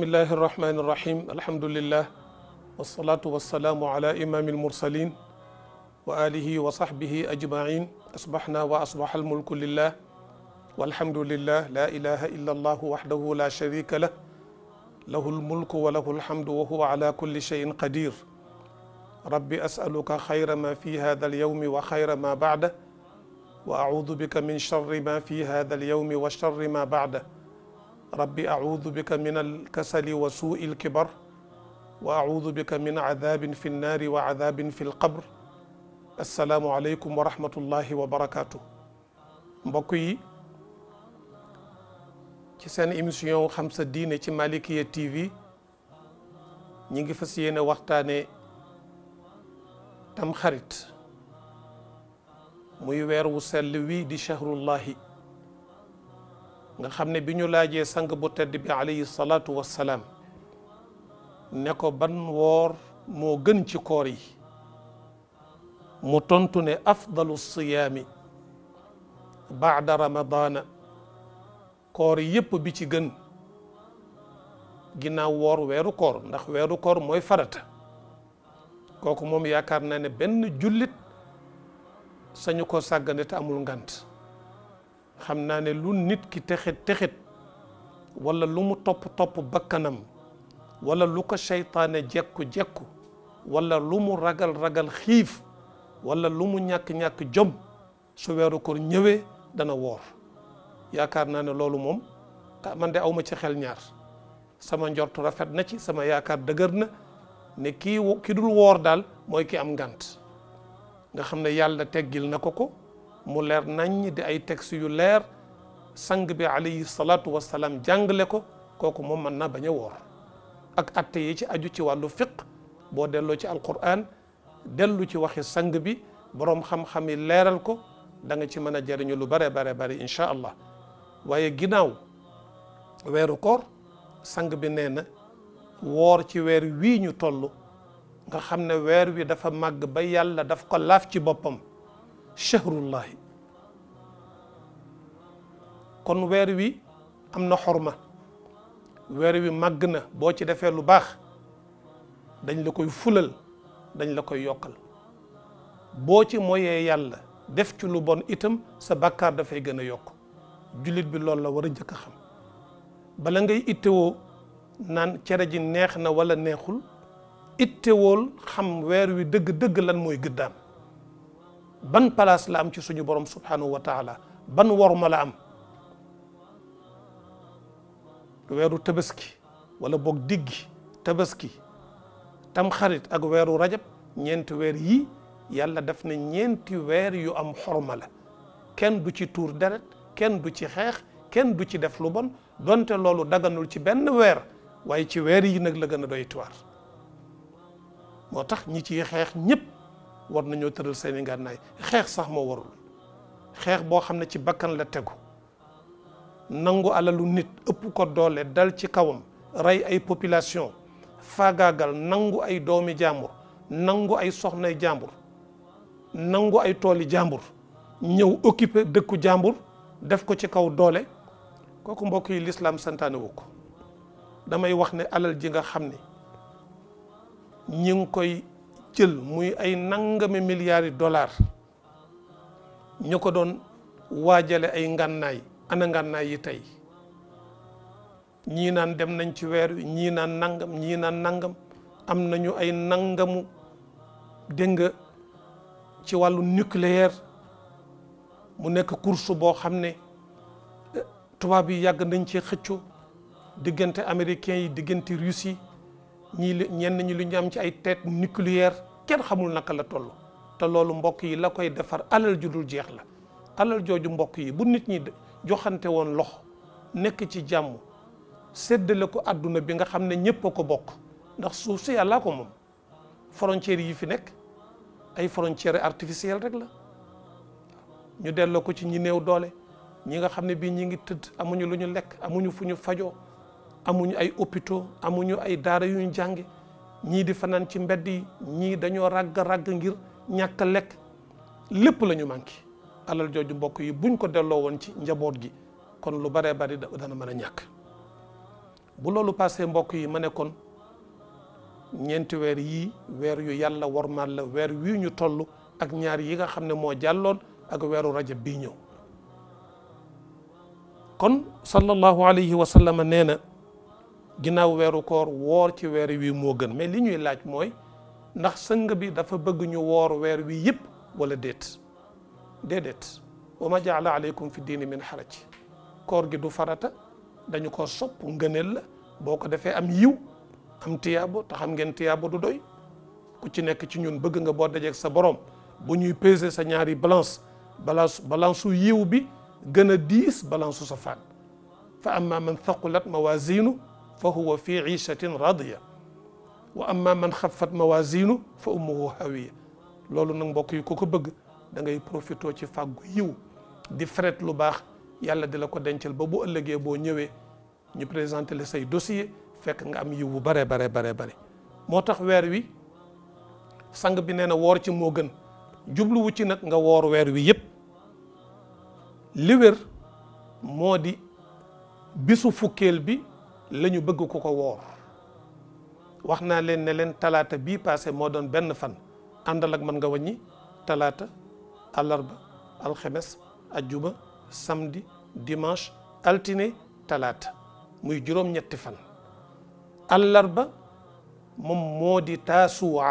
بسم الله الرحمن الرحيم الحمد لله والصلاة والسلام على إمام المرسلين وآله وصحبه أجمعين أصبحنا وأصبح الملك لله والحمد لله لا إله إلا الله وحده لا شريك له له الملك وله الحمد وهو على كل شيء قدير ربي أسألك خير ما في هذا اليوم وخير ما بعده وأعوذ بك من شر ما في هذا اليوم وشر ما بعده رب أعوذ بك من الكسل وسوء الكبر وأعوذ بك من عذاب في النار وعذاب في القبر السلام عليكم ورحمة الله وبركاته mbokk yi ci seen émission xam sa diine ci Malikia TV ñi ngi fas yéene waxtaane tamxarit muy weer wu sell wi di chahrullahi nga xam ne bi ñu laajee sang bu tedd bi alayhi salaatu wassalaam ne ko ban woor moo gën ci koor yi mu tontu ne afdalu siyaami baada ramadaana koor yépp bi ci gën ginnaaw woor weeru koor ndax weeru koor mooy farata kooku moom yaakaar naa ne benn jullit sañu ko sàggane te amul ngant xamna ne lu nit ki texit texit wala lu mu topp topp bakkanam wala lu ko seytaane jekku jekku wala lu mu ragal ragal xiif wala lu mu ñàkk ñàkk jom su weeru koor ñëwee dana woor yaakaar naa ne loolu moom man de aw ci xel ñaar sama njort rafet na ci sama yaakaar dëgër na ne kii ki dul woor daal mooy ki am ngant nga xam yàlla teggil na ko ko. mu leer naññ di ay texte yu leer sang bi alayhi salaatu wasalaam jàngale ko kooku moom mën naa bañ woor ak atte yi ci aju ci wàllu fiq boo delloo ci alquran dellu ci waxi sang bi boroom xam-xam yi leeral ko danga ci mën a jëriñu lu bare bare bari incha allah waaye ginnaaw weeru koor sang bi nee na woor ci weer wii ñu toll nga xam ne weer wi dafa màgg ba yàlla daf ko laaf ci boppam chahrullahi kon weer wi am na xorma weer wi màgg na boo ci defee lu baax dañ la koy fulal dañ la koy yokkal boo ci moyee yàlla def ci lu bon itam sa bakkaar dafay gën a yokk jullit bi loolu la war a jëkk xam bala ngay ittewoo naan cere ji neex na wala neexul ittewool xam weer wi dëgg-dëgg lan mooy gëddaam ban place la am ci suñu borom subhanahu wa taala ban worma la am wéru tabaski wala bok diggi tabaski tam xarit ak wéru rajab ñent wér yi yàlla def na ñent wér yu am xorma la kenn du ci tour deret kenn du ci xex kenn du ci def lu bon donte lolu daganul ci ben wér waaye ci wér yi nak la gëna doy tuwaar motax ñi ci xex ñëpp war nañoo tëral seen i ngànnaay xeex sax moo warul xeex boo xam ne ci bakkan la tegu nangu alalu nit ëpp ko doole dal ci kawam rey ay population faagaagal nangu ay doomi jàmbur nangu ay soxnay jàmbur nangu ay tooli jàmbur ñëw occupé dëkku jàmbur def ko ci kaw doole kooku mbokk yi lislaam santaane ko damay wax ne alal ji nga xam ni ñi ngi koy jël muy ay nangami milliards yi dollars ñu ko doon waajale ay ngannaay ana ngànnaay yi tey ñii naan dem nañ ci weer ñii naan nangam ñii naan nangam am nañu ay nangamu dégg ci wàllu nucléaire mu nekk course boo xam ne eh, tubaab yi yàgg nañ cee xëccu diggante américains yi diggante russe yi ñii ñenn ñi lu ñu am ci ay tête nucléaire kenn xamul naka la toll te loolu mbokk yi la koy defar alal ju dul jeex la alal jooju mbokk yi bu nit ñi de joxante woon loxo nekk ci jàmm séddale ko àdduna bi nga xam ne ñëpp ko bokk ndax suuf si ko moom frontières yi fi nekk ay frontières artificielles rek la ñu delloo ko ci ñi néew doole ñi nga xam ne bii ñi ngi tëdd amuñu lu ñu lekk amuñu fu ñu fajoo amuñu ay hôpitaux amuñu ay daara yu ñu jànge ñii di fanaan ci mbedd yi ñii dañoo ragg ràgg ngir ñàkk lekk lépp lañu ñu manqué alal jooju mbokk yi buñ ko delloo woon ci njaboot gi kon lu baree bari dana mën a ñàkk bu loolu passé mbokk yi ma ne kon ñeenti weer yii weer yu yàlla wormaal la weer wii ñu toll ak ñaar yi nga xam ne moo jàlloon ak weeru rajab bii ñëw kon sallallahu alayhi wa sallam ginnaaw weeru koor woor ci weer wii moo gën mais li ñuy laaj mooy ndax sëng bi dafa bëgg ñu woor weer wii yëpp wala déet déedéet wa ma jaala aleykum fi diini min xaraj koor gi du farata dañu ko sopp ngëneel la boo ko defee am yiw am tiyaabo te xam ngeen tiyaabo du doy ku ci nekk ci ñun bëgg nga boo dajeeg sa borom bu ñuy peser sa ñaari balance balance balance su yiw bi gën a diis balance su sa faat fa amma man thaqulat mawazinu فهو في عيشة راضية وأما من خفت موازينه فأمه هوية لولو نان بوكو يكو كو بغ دا غاي بروفيتو تي فاغ يو دي فريت لو باخ يالا دي لاكو دنتيل بو بو ألغي بو نيوي ني بريزانتي لي ساي دوسيي فك nga am yiwu bare bare bare bare motax wer wi sang bi neena wor ci mo gën djublu wu ci nak nga wor wer wi lañu bëgg ku ko wor waxna naa leen ne leen talata bi passé mo doon ben fan àndal ak man nga wañi wàññi talaata àllarba alxemes ajjuma samedi dimanche altine talata muy juróom-ñetti fan alarba mom modi tasua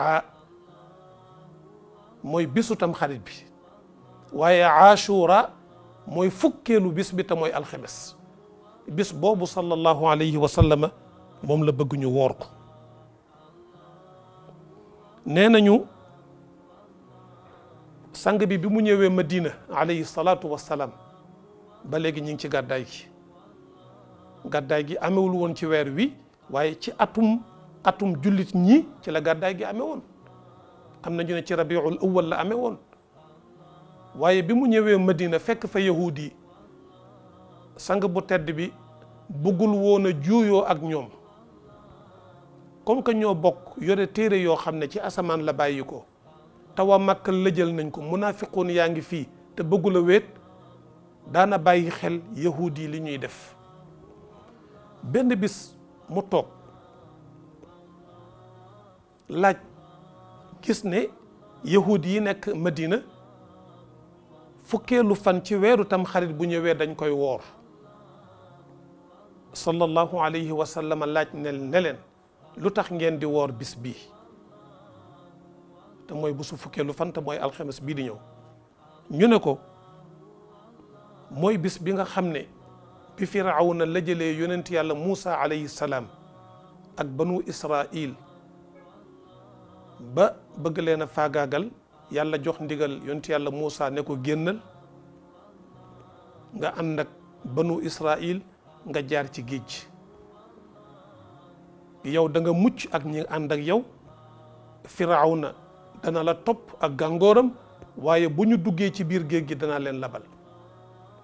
moy mooy bisu tam xarit bi waye ashura moy fukkeelu bis bi te mooy alxemes bis boobu sallallahu alayhi wa sallama moom la bëgg ñu woor ko nee nañu sang bi bi mu ñëwee Madina alayhi salaatu wa ba léegi ñu ngi ci gàddaay gi gàddaay gi amewul woon ci weer wi waaye ci atum atum jullit ñi ci la gàddaay gi amee woon am na ñu ne ci rabiul awal la amee woon waaye bi mu ñëwee Madina fekk fa yahudi sang bu tedd bi bëggul woona a juuyoo ak ñoom comme que ñoo bokk yore téere yoo xam ne ci asamaan la bàyyi ko tawa màkka lëjal nañ ko munaafiqoon yaa ngi fii te bëggula wéet daana bàyyi xel yahuud yi li ñuy def benn bis mu toog laaj gis ne yahuud yi nekk Madina fukkeelu fan ci weeru tam xarit bu ñëwee dañ koy woor صلى الله عليه وسلم لاج نلن لوتاخ نين دي وور بيس بي تا موي بوسو فوكي لو فان تا موي الخميس بي دي نيو ني نكو موي بيس بيغا خامني بي فرعون لا جيلي يونت يالا موسى عليه السلام اك بنو اسرائيل با بغ لينا فاغاغال يالا جوخ نديغال يونت يالا موسى نيكو генال nga andak banu israël nga jaar ci géej yow danga mucc ak ñi ànd ak yow na dana la topp ak gàngooram waaye bu ñu duggee ci biir géej gi danaa leen labal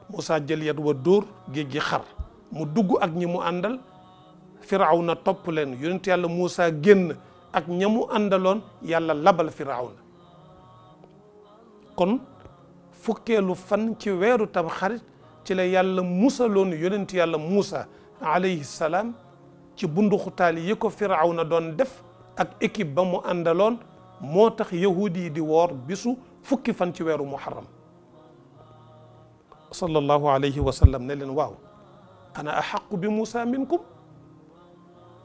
Moussa jël yat wa dóor géej gi xar mu dugg ak ñi mu àndal na topp leen yonent yàlla Moussa génn ak ñamu àndaloon yàlla labal firawna kon fukkeelu fan ci weeru tam xarit ci la yàlla musaloon yonent yàlla musa alayhi salam ci bundu khutali ko fir'auna don def ak équipe ba mu andalon motax yahudi di wor bisu fukki fan ci wéru muharram sallallahu alayhi wa sallam ne len waw ana axaqu bi musa minkum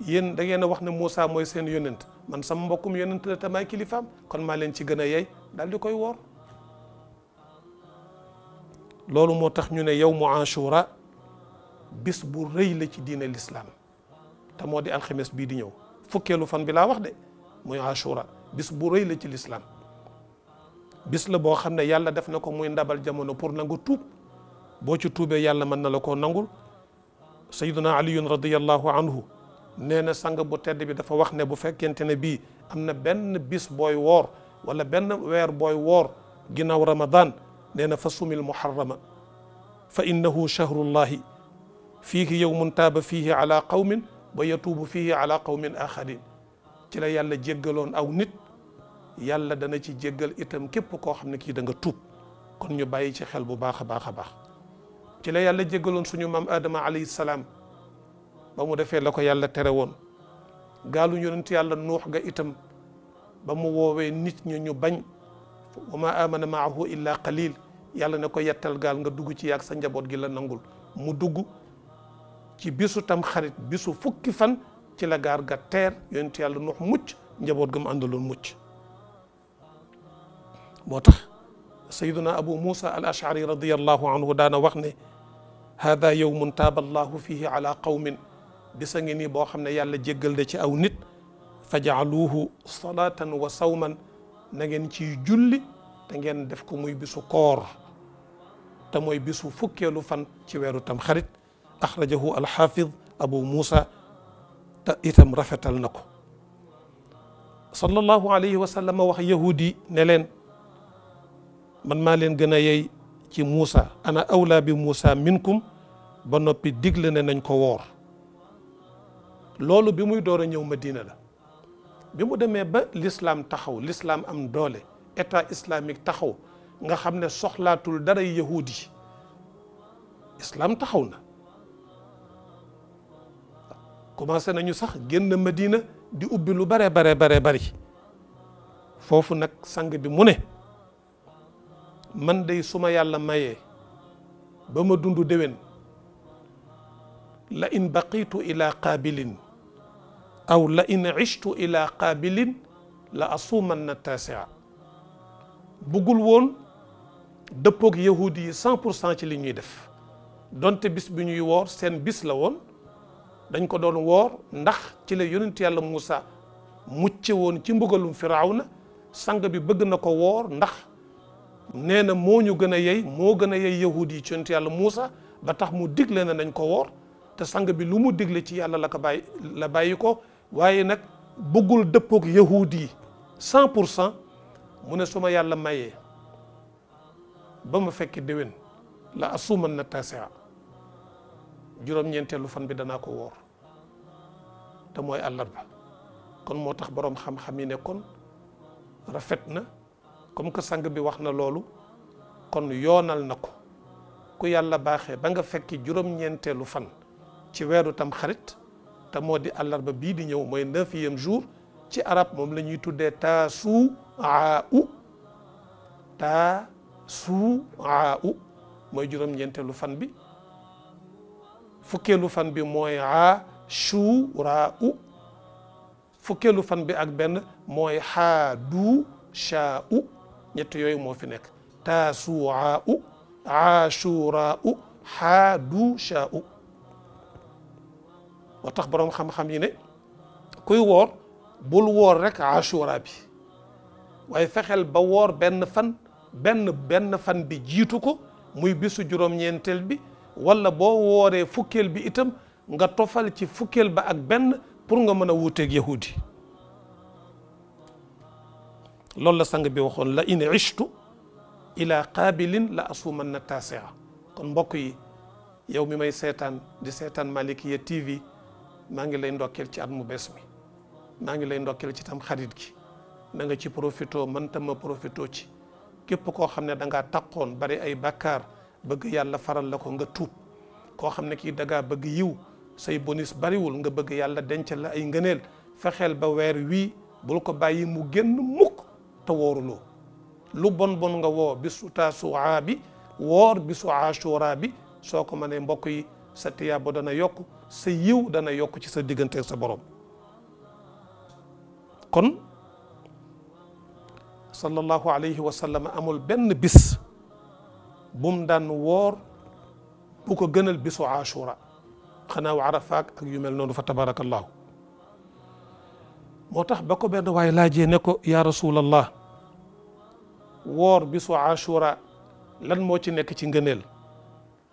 yen da ngayena wax ne musa moy sen yonent man sama mbokum yonent la tamay kilifam kon ma len ci gëna yey dal di koy wor loolu motax ñu ne yawmu Ashura bis bu reey la ci diine l'islam ta modi al khamis bi di ñëw fukkeelu fan bi la wax de moy Ashura bis bu reey la ci l'islam bis la bo xamne yàlla def nako ko muy ndabal jamono pour nangu tuub bo ci tuube yàlla man na la ko nangul sayyiduna ali radiyallahu anhu neena sang bu tedd bi dafa wax ne bu fekkente bi amna ben bis boy wor wala ben wer boy wor ginaaw ramadan نينا فصوم المحرم فإنه شهر الله فيه يوم تاب فيه على قوم ويتوب فيه على قوم آخرين تلا يالا جيغلون أو نت يالا دانا تي جيغل إتم كيب كو خمنا كي دانا توب كون ني باي تي خيل بو باخ باخ باخ تلا يالا جيغلون سونو مام آدم عليه السلام بامو دفي لاكو يالا تري وون غالو يونت يالا نوح غا إتم بامو ووي نيت ني ني باني wama amana maahu illa qalil yàlla ne ko yettal gaal nga dugg ci yaag sa njaboot gi la nangul mu dugg ci bisu tam xarit bisu fukki fan ci la gaar ga teer yonent yàlla nuux mucc njaboot ga mu àndaloon mucc moo tax sayiduna abu moussa al ashari radiallahu anhu daana wax ne hada yowmun taaba allahu fihi ala qawmin bisa ngi nii boo xam ne yàlla jéggal de ci aw nit fajaaluuhu salatan wa sawman na ngeen ciy julli te ngeen def ko muy bisu koor te mooy bisu fukkeelu fan ci weeru tam xarit axrajahu alxaafid abu muusa te itam rafetal na ko sallallahu alayhi wa sallam wax yahudi ne leen man maa leen gën a yey ci muusa ana awlaa bi muusa minkum ba noppi digle ne nañ ko woor loolu bi muy door a ñëw madina la bimu demé ba l'islam taxaw l'islam am doole état islamique taxaw nga xamné soxlatul dara yahudi islam taxaw na commencé nañu sax génn Medina di ubbi lu bare bare bare bare fofu nak sang bi muné man day suma yàlla mayé bama ma déwén la in baqitu ila qabilin أو لئن عشت إلى قابل لأصومن التاسع بقول وون دبوك يهودي 100% تي لي دف دونت بيس بي نيو وور سين بيس لا وون دنج كو دون وور نخ تي لا يونت يالله موسى موتي وون تي مبغلوم فرعون سانغ بي بغ نكو وور نخ نينا مو نيو غنا يي مو غنا يي يهودي تي نت يالله موسى با تخ مو ديغ لنا نكو وور تا سانغ بي لومو ديغ تي يالله لا باي لا بايكو waaye nag bëggul dëppook yahuud yi cent pour cent mu ne suma yàlla mayee ba mu fekki déwén la asuuman na tasia juróom-ñeenteelu fan bi danaa ko woor te mooy àllarba kon moo tax boroom xam-xam yi ne kon rafet na comme que sang bi wax na loolu kon yoonal na ko ku yàlla baaxee ba nga fekki juróom-ñeenteelu fan ci weeru tam xarit te moo di àllarba bii di ñëw mooy neuvième jour ci arab moom la ñuy tuddee taasu'a u taasu'a u mooy juróom-ñeenteelu fan bi fukkeelu fan bi mooy ashura u fukkeelu fan bi ak benn mooy haadu shaa u ñett yooyu moo fi nekk taasu'a u ashura u haadu shaa u moo tax boroom xam-xam yi ne kuy woor bul woor rek ashura bi waaye fexeel ba woor benn fan benn benn fan bi jiitu ko muy bisu juróom-ñeenteel bi walla boo wooree fukkeel bi itam nga tofal ci ba ak pour nga mën a ak yahudi lol la sang bi waxoon la in ishtu ila qaabilin la asuuman na kon mbok yi yow mi may setan di maliki ya TV maa ngi lay ndokkeel ci at mu bees mi maa ngi lay ndokkeel ci tam xarit gi na nga ci profito man tam ma profito ci képp koo xam ne da ngaa taqoon bari ay bakkaar bëgg yàlla faral la ko nga tuub koo xam ne kii da bëgg yiw say bonus bariwul nga bëgg yàlla dencal la ay ngëneel fexeel ba weer wii bul ko bàyyi mu génn mukk te wooruloo lu bon bon nga woo bisu taasuwaa bi woor bisu aasuraa bi soo ko mënee mbokk yi sa boo dana yokk sa yiw dana yokk ci sa diggante sa borom kon sallallahu alayhi wa sallam amul benn bis bum daan woor bu ko gënal bisu ashura xanaa wa arafaak ak yu mel noonu fa tabarakallahu moo tax ba ko benn waaye laajee ne ko yaa rasulallah woor bisu ashura lan moo ci nekk ci ngëneel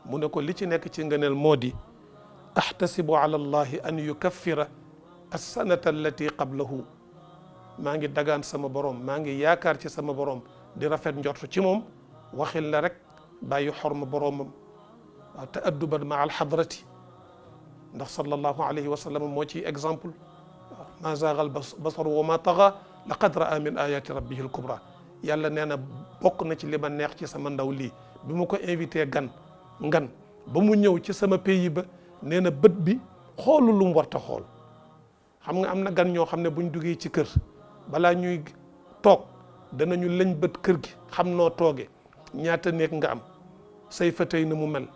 mu ne ko li ci nekk ci ngëneel moo di ahtasibu ala allahi an yukaffira assanata allati qablahu maa ngi dagaan sama borom maa ngi yaakaar ci sama borom di rafet njort ci moom waxil la rek bàyyi xorma boromam waaw te adduban ma alxadrati ndax sallallahu alayhi wa sallam moo ciy exemple waaw ma zaagal basaru wa ma taxa laqad raa min ayati rabbihi al kubra yàlla nee na bokk na ci li ma neex ci sama ndaw lii bi mu ko invité gan ngan ba mu ñëw ci sama pays ba nee na bët bi xoolu lu warta xool xam nga am na gan ñoo xam ne buñ duggee ci kër balaa ñuy toog danañu lëñ bët kër gi xam noo tooge ñaata néeg nga am say fatey na mu mel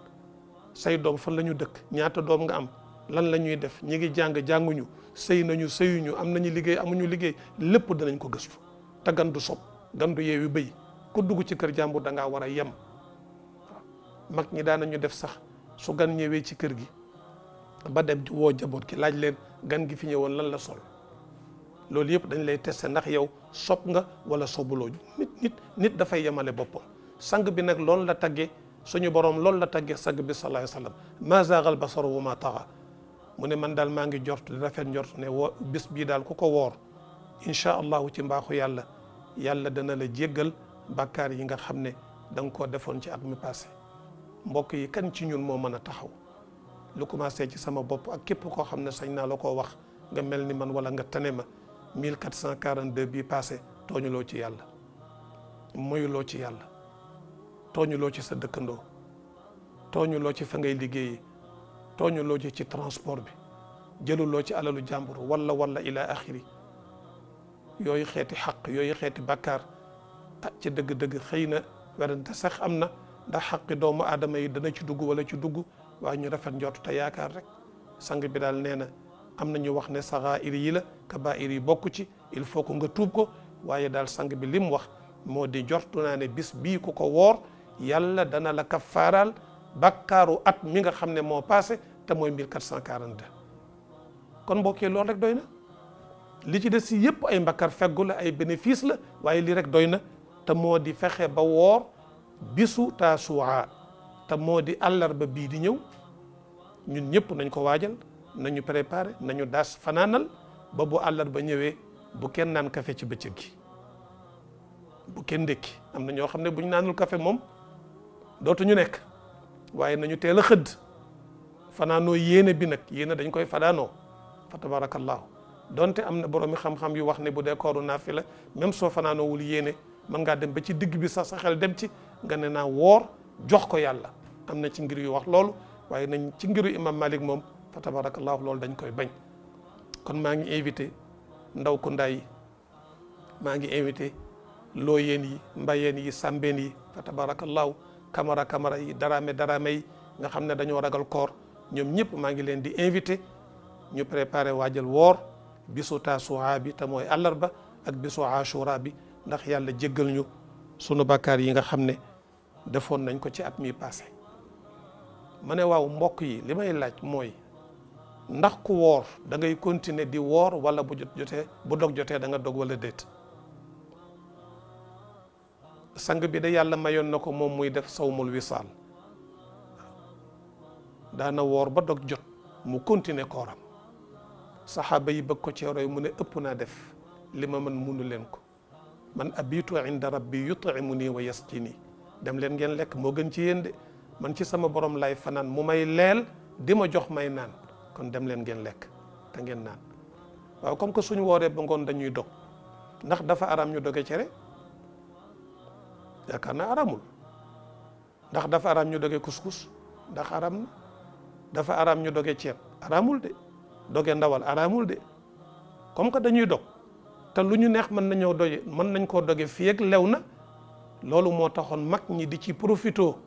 say fan la dëkk ñaata doom nga am lan la ñuy def ñi ngi jàng jànguñu sëy nañu sëyuñu am nañu liggéey amuñu liggéey lépp danañ ko gëstu te gan sob gan du yeewi bëy ku dugg ci kër jàmbur da war a yem mag ñi daana ñu def sax su gan ñëwee ci kër gi ba dem woo jabot ki laaj leen gan gi fi ñëwoon lan la sol loolu yëpp dañ lay testé ndax yow sopp nga wala sobuloo nit nit nit dafay yemale boppam sang bi nag loolu la tagge suñu borom loolu la tagge sang bi sallallahu alayhi wa sallam ma zaagal basaru wa ma taxa mu ne man daal maa ngi jort di rafet njort ne woo bis bii daal ku ko woor incha allahu ci mbaaxu yàlla yàlla dana la jéggal bàkkaar yi nga xam ne da nga koo defoon ci at mi passé mbokk yi kan ci ñun moo mën a taxaw lu commencé ci sama bopp ak képp koo xam ne sañ naa la koo wax nga mel ni man wala nga tane ma cent 1442 bii passé tooñuloo ci yàlla moyuloo ci yàlla tooñuloo ci sa dëkkandoo tooñuloo ci fa ngay liggéeyi tooñuloo ci ci transport bi jëluloo ci alalu jàmbur wala wala ila axiri yooyu xeeti xaq yooyu xeeti bàkkaar ah ci dëgg-dëgg xëy na werante sax am na ndax xaqi doomu aadama yi dana ci dugg wala ci dugg waaye ñu rafet njort te yaakaar rek sang bi daal nee na am na ñu wax ne saxaa'ir yi la kabaa'ir yi bokk ci il faut que nga tuub ko waaye daal sang bi li mu wax moo di jortu naa ne bis bii ku ko woor yàlla dana la kaf kafaaraal bakkaaru at mi nga xam ne moo passé te mooy 1442 kon mbokkee loolu rek doy na li ci des si yëpp ay mbakkar feggu la ay bénéfice la waaye lii rek doy na te moo di fexe ba woor bisu taasuwaa te moo di àllarba bii di ñëw ñun ñëpp nañ ko waajal nañu préparé nañu daas fanaanal ba bu àllarba ñëwee bu kenn naan kafe ci bëccëg gi bu kenn ndékki am na ñoo xam ne bu ñu naanul kafe moom dootuñu nekk waaye nañu teel a xëdd fanaanoo yéene bi nag yéene dañ koy fanaanoo fa tabarakallahu donte am na boroomi xam-xam yu wax ne bu dee kooru naafila même soo fanaanoowul yéene mën ngaa dem ba ci digg bi sax sa xel dem ci nga ne naa woor jox ko yàlla am na ci ngir yu wax loolu waaye nañ ci ngiru imam malik moom fa tabarakallahu loolu dañ koy bañ kon maa ngi invité ndaw ku maa ngi invité looyeen yi mbayeen yi sàmbeen yi fa tabarakallahu kamara kamara yi daraame daraame yi nga xam ne dañoo ragal koor ñoom ñëpp maa ngi leen di invité ñu préparé waajal woor bisu taasuwaa bi te mooy àllarba ak bisu ashura bi ndax yàlla jéggal ñu sunu bakkaar yi nga xam ne defoon nañ ko ci at mi passé ma ne waaw mbokk yi li may laaj mooy ndax ku woor da ngay continuer di woor wala bu jot jotee bu dog jotee da nga dog wala déet sang bi de yàlla mayoon na ko moom muy def sawmul wisaal daana woor ba dog jot mu continuer kooram saxaaba yi bëgg ko ci roy mu ne ëpp naa def li ma mën munu leen ko man abitu inda rabbi yut'imu nii wa ci nii dem leen ngeen lekk moo gën ci yéen de man ci sama borom lay fanaan mu may leel di ma jox may naan kon dem leen ngeen lekk te ngeen naan waaw comme que suñu wooree ba ngoon dañuy dog ndax dafa aram ñu doge cere yaakaar ndax dafa aram ñu doge kuskus ndax aram dafa aram ñu doge ceeb aramul de doge ndawal aramul de comme que dañuy dog te lu ñu neex mën nañoo doge mën nañ koo doge fii ak lew na Lalu mo taxone mag ñi di ci profito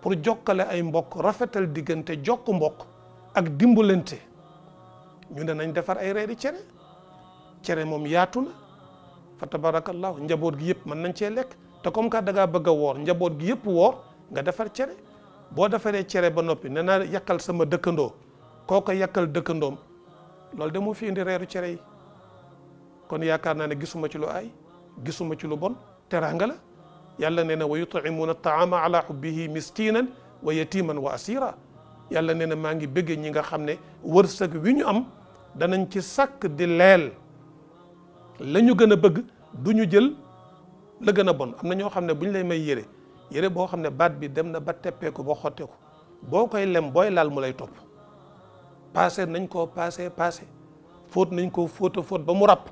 pour jokkale ay mbokk rafetal digënté jokk mbokk ak dimbalante ñu né nañ défar ay reeri cere cere mom yaatuna fa tabarakallah njabot gi yépp man nañ ci lekk té comme ka daga bëgg wor njabot gi yépp wor nga défar cere bo défaré cere ba nopi nee naa sama dëkkëndo koko yakal dëkkëndom dëkkandoom de fi indi reeru ciéré yi kon yaakaar na ne gisuma ci lu ay gisuma ci lu bon teraanga la يلا نينا ويطعمون الطعام على حبه مسكينا ويتيما واسيرا يلا نينا ماغي بيغ نيغا خامني ورسك ويني ام دا نانتي ساك دي ليل لا نيو غنا بيغ دو نيو جيل لا غنا بون امنا ньо خامني بون لاي ماي ييري ييري بو خامني بات بي ديمنا با تيبيكو بو خوتيكو بوكاي لم بوي لال مولاي توب باسي نانكو باسي باسي فوت نانكو فوتو فوت بامو راب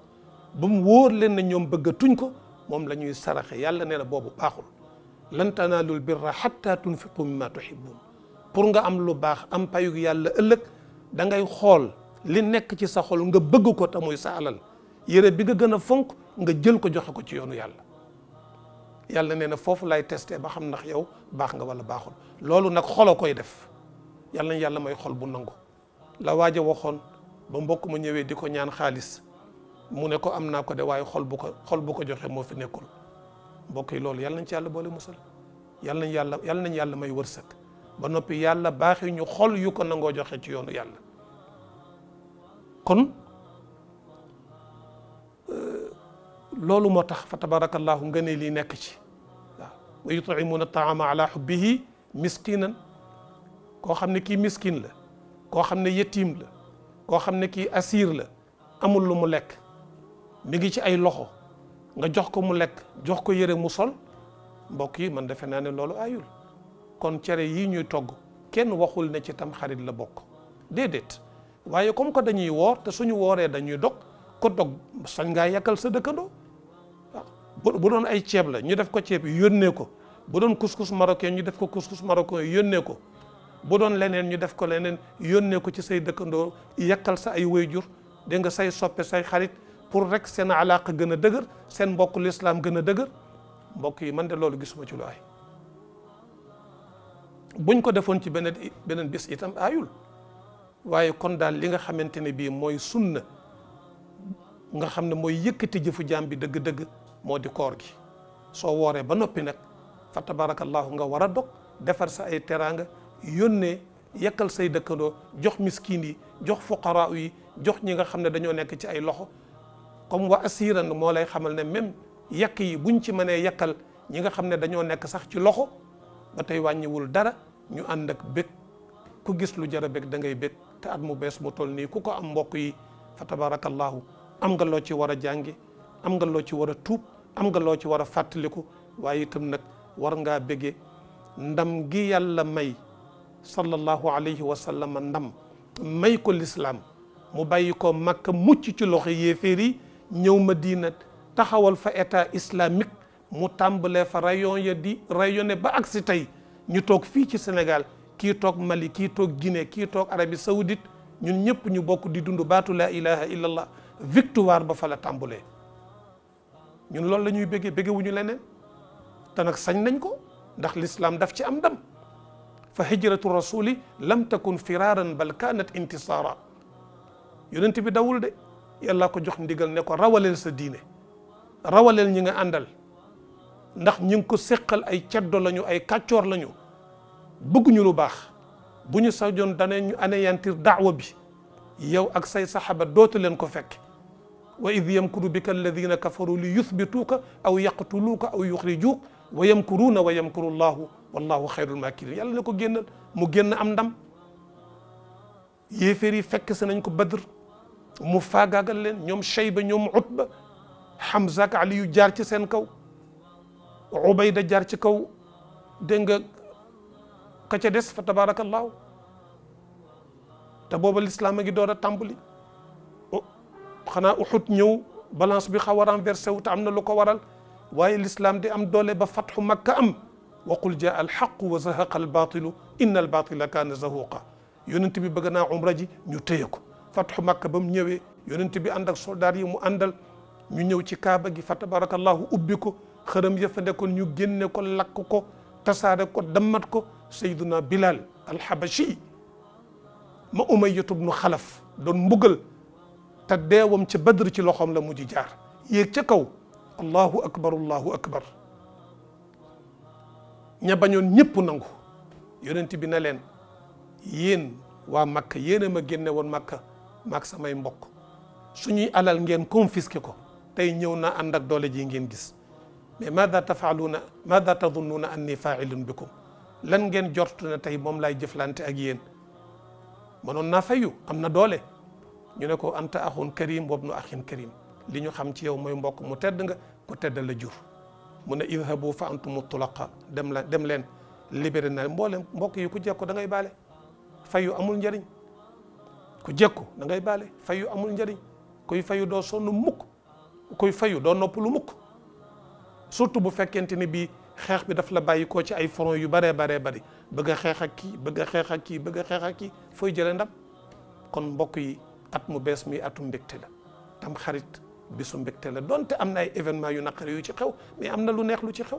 بام وور لين نيوم بيغ تونكو moom la ñuy saraxe yàlla nee na boobu baaxul lan tanaalul birra xatta tunfiqu mimma tuhibbun pour nga am lu bax am payu yàlla ëllëg da ngay xol li nekk ci sa xol nga bëgg ko ta muy sa yére bi nga gëna a fonk nga jël ko joxe ko ci yoonu yàlla yàlla nee fofu lay testé ba xam nak yow bax nga wala baxul loolu nak xolo koy def yàlla yàlla may xol bu nangu la waaja waxon ba mbokk ma ñëwé diko ñaan xaaliss mu ne ko am naa ko de waaye xol bu ko xol bu ko joxe moo fi nekkul mbokk yi loolu yàlla nañ ci yàlla boole musal yàlla nañ yàlla yàlla nañ yàlla may wërsëg ba noppi yàlla baaxi ñu xol yu ko nangoo joxe ci yoonu yàlla kon loolu moo tax fa tabarakallahu nga ne lii nekk ci waaw wa yutcimuuna taama ala xubbihi miskinan koo xam ne kii miskin la koo xam ne yetiim la koo xam ne kii la amul lu mu lekk mi ngi ci ay loxo nga jox ko mu lekk jox ko yére mu sol mbokk yi man defe naa ne loolu ayul kon cere yii ñuy togg kenn waxul ne ci tam xarit la bokk déedéet waaye comme que dañuy woor te suñu wooree dañuy dog ko dog sañ ngaa yàkkal sa dëkkandoo bu doon ay ceeb la ñu def ko ceeb yónnee ko bu doon couscous marocain ñu def ko couscous marocain yónnee ko bu doon leneen ñu def ko leneen yónnee ko ci say dëkkandoo yàkkal sa ay wayjur dégg nga say soppe say xarit pour rek seen alaaq gën a dëgër seen mbokk lislaam gën a dëgër mbokk yi man de loolu gisuma ci lu ay buñ ko defoon ci beneen beneen bis itam aayul waaye kon daal li nga xamante ne bii mooy sunna nga xam ne mooy yëkkati jëfu jaam bi dëgg-dëgg moo di koor gi soo wooree ba noppi nag fa tabarakallahu nga war a dog defar sa ay teraanga yónnee yekkal say dëkkandoo jox miskin yi jox fuqaraa yi jox ñi nga xam ne dañoo nekk ci ay loxo comme wa asiran mo lay xamal ne même yak yi buñ ci mënee yakal ñi nga xamne dañu nek sax ci loxo ba wañi wul dara ñu ànd ak bég ku gis lu jara a da ngay bég te at mu bes mu toll ni ku ko am mbokk yi fa tabarakallah am nga lo ci wara jàngi am nga lo ci wara a am nga lo ci wara a waye tam nak war nga bége ndam gi yàlla may sallallahu alayhi wa sallam ndam may ko l'islam mu bayiko makka mucc ci loxe yeferi ñëw Madina taxawal fa état islamique mu tambalé fa rayon ya di rayonné ba aksi tay ñu tok fi ci Sénégal ki tok Mali ki tok Guinée ki tok Arabie Saoudite ñun ñëpp ñu bokk di dundu baatu la ilaha illallah victoire ba fa la tàmbalee ñun lool lañuy bëggé bëggé wuñu lénen te nag sañ nañ ko ndax l'islam daf ci am dam fa hijratu rasuli lam takun firaran bal kanat intisara yonent bi dawul de yàlla ko jox ndigal ne ko rawaleel sa diine rawaleel ñi nga àndal ndax ñi ko sekkal ay ciaddo lañu ay kàccoor lañu bëgguñu lu baax bu ñu sajoon dane ñu ane yantir daawa bi yow ak say saxaba dootu leen ko fekk wa id yamkuru bika alladina kafaru li yuthbituka aw yaqtuluka aw yukhrijuk wa yamkuruna wa yamkuru allah wallahu khairul makirin yàlla ne ko génnal mu génn am ndam yéeféer yi fekk si nañ ko badr mu faagaagal leen ñoom Shayba ñoom Utba Hamza ak Ali yu jaar ci seen kaw Ubayda jaar ci kaw dégg nga ka ca des fa tabaarakallaahu te booba lislaam a ngi tambuli a tàmbali ñëw balance bi xaw a renversé wu te am na lu ko waral waaye lislaam di am doole ba fatxu makka am waqul jaa alxaqu wa zahaqa albaatilu inna albaatila kaana zahuqa yonent bi bëgg naa umra ji ñu téye فتح مكه بام نيوي يونت بي اندك سولدار يي مو اندال ني نيو سي كابا جي فتح بارك الله اوبيكو خرم يفندكون نيو генنكو لاكوكو تساركو دماتكو سيدنا بلال الحبشي ما اميه بن خلف دون مبغل تا ديوام سي بدر سي لوخوم لا مودي جار ييك سي كو الله اكبر الله اكبر ña bañoon ñëpp nangu yonent bi ne leen yéen waa màkk yéen génne woon màkka maak samay mbokk suñuy alal ngeen confisqué ko tey ñëw naa ànd ak doole ji ngeen gis mais maada tafaaluuna maada tadunnuuna anni faailun bikum lan ngeen jortu ne tey moom laay jëflante ak yéen mënoon naa fayu am na doole ñu ne ko anta axun karim wabnu axin karim li ñu xam ci yow mooy mbokk mu tedd nga ku tedd la jur mu ne idhabu fa antumu tulaqa dem la dem leen libéré na mboolem mbokk yi ku jekko da ngay baale fayu amul njariñ ku jekku da ngay baale fayu amul njariñ kuy fayu doo sonn mukk kuy fayu doo noppalu mukk surtout bu fekkente ni bii xeex bi daf la bàyyi koo ci ay front yu baree baree bari bëgg a xeex ak kii bëgg a ak kii bëgg a ak kii fooy jëlee ndam kon mbokk yi at mu bees mi atu mbégte la tam xarit bisu mbégte la donte am ay événement yu naqari yu ci xew mais am lu neex lu ci xew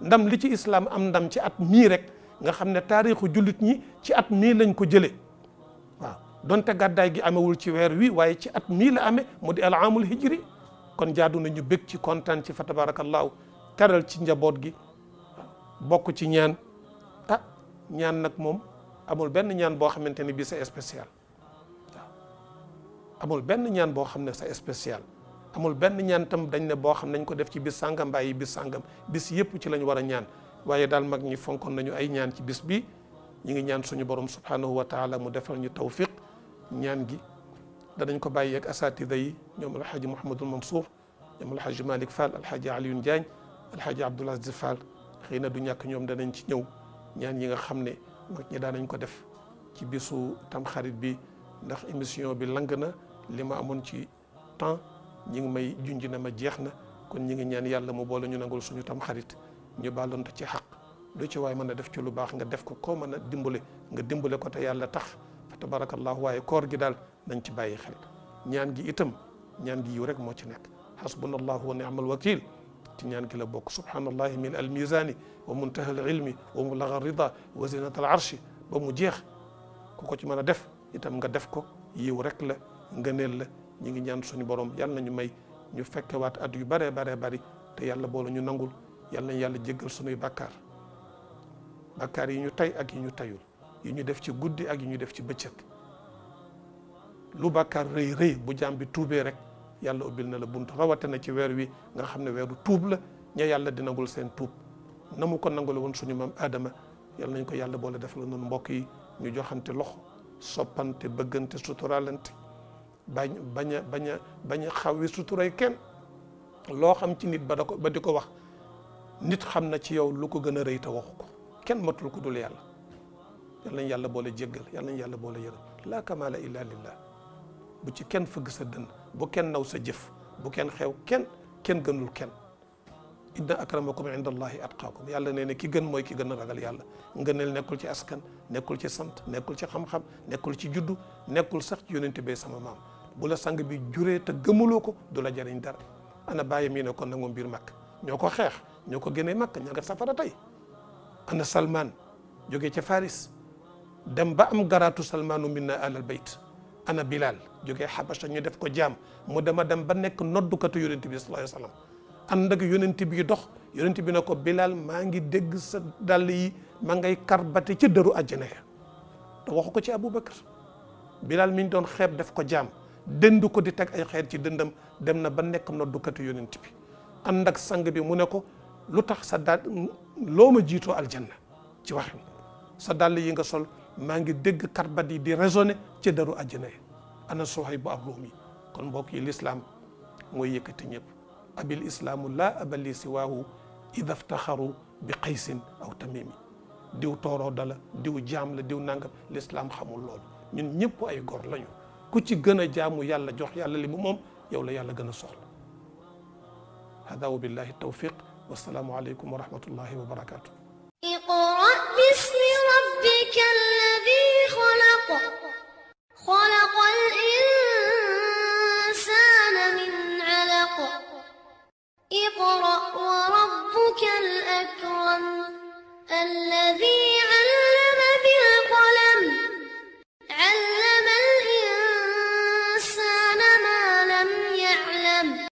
ndam li ci islam am ndam ci at mii rek nga xam ne taarixu ñi ci at mii lañ ko jëlee donte gaday gi amewul ci weer wi waye ci at mi la amé modi al amul hijri kon jaadu nañu bekk ci contane ci fatabarakallah tabarakallahu teral ci njabot gi bok ci ñaan ah ñaan nak mom amul ben ñaan bo xamanteni bisa sa spécial amul ben ñaan bo xamne sa spécial amul ben ñaan tam dañ ne bo xam nañ ko def ci bis sangam bàyyi bis sangam bis yépp ci lañ wara ñaan waye dal mag ñi fonkon nañu ay ñaan ci bis bi ñi ngi ñaan suñu borom subhanahu wa taala mu defal ñu tawfiq ñaan gi danañ ko bàyyi ak asaatida yi ñoom alxaaji Mouhamadul Mansour ñoom alxaaji Malick Fall alxaaji Alioune Diagne alxaaji Abdoul Aziz Fall xëy na du ñàkk ñoom danañ ci ñëw ñaan yi nga xam ne mag ñi daanañ ko def ci bisu tamxarit bi ndax émission bi lang na li ma amoon ci temps ñi ngi may junj na ma jeex na kon ñi ngi ñaan yàlla mu boole ñu nangul suñu tamxarit ñu bàllonte ci xaq lu ci waay mën a def ci lu baax nga def ko koo mën a dimbale nga dimbale ko yàlla tax tabarakallah waaye koor gi daal nañ ci bàyyi xel ñaan gi itam ñaan gi yiw rek moo ci nekk xasbunallahu wa ni'mal wakil ci ñaan gi la bokk subhanallahi min al misani wa muntaha al ilmi wa mulaga rida wa zinat al arshi ba mu jeex ku ko ci mën a def itam nga def ko yiw rek la ngëneel la ñu ngi ñaan suñu borom yàlla nañu may ñu fekkewaat at yu baree baree bari te yàlla boole ñu nangul yàlla nañ yàlla jéggal suñuy bàkkaar bàkkaar yi ñu tay ak yi ñu tayul yu ñu def ci guddi ak yu ñu def ci bëccëg lu bàkkaar rëy rëy bu jaam bi tuubee rek yàlla ubbil na la bunt na ci weer wi nga xam ne weeru tuub la ña yàlla di nagul seen tuub na mu ko nangu la woon suñu mam aadama yàlla nañ ko yàlla boole def la noonu mbokk yi ñu joxante loxo soppante bëggante suturaalante bañ bañ bañ bañ a xaw wi kenn loo xam ci nit ba da ko ba di ko wax nit xam na ci yow lu ko gën a rëy te waxu ko kenn matul ku dul yàlla yal yàlla boole jéggal yal nañ yàlla boole yërëm laa kamala illa lillah bu ci kenn fëgg sa dënn bu kenn naw sa jëf bu kenn xew kenn kenn gënul kenn inna akramakum inda allahi atqaakum yàlla nee ne ki gën mooy ki gën a ragal yàlla ngëneel nekkul ci askan nekkul ci sant nekkul ci xam nekkul ci juddu nekkul sax ci yonente bee sama maam bu la sang bi juree te gëmuloo ko du la jariñ dara ana bàyyi mii ne kon nangu mbir makk ñoo ko xeex ñoo ko génnee makk ña nga safara tey ana salman jógee ca faris dem ba am garaatu salmaanu minna alal bayt ana bilal jógee xabasa ñu def ko jaam mu dema dem ba nekk noddukatu yonent bi sallallahu alayhi wasallam ànd ak yonent bi dox yonent bi ne bilal maa ngi dégg sa dàll yi ma ngay karbate ca dëru àjjana ya te waxu ci aboubacar bilal mi ñu doon xeeb def ko jaam dënd ko di teg ay xeer ci dëndam dem na ba nekk noddukatu yonent bi ànd ak sang bi mu ne ko sa daal loo ma aljanna ci waxin sa dàll yi nga sol mangi ngi dégg karbat yi di raisonner ci daru àjjana ana sohaybu ar kon mbok yi l'islam moy yekati ñep abil islam la abali siwaahu idha iftakharu bi qais aw tamimi diw toro dala diw jam la diw nangam l'islam xamul lool ñun ñep ay gor lañu ku ci gëna jaamu yàlla jox yàlla li mom yow la yàlla gëna soxla هذا وبالله التوفيق والسلام عليكم ورحمه الله وبركاته اقرا باسم ربك bismi خلق الإنسان من علق اقرأ وربك الأكرم الذي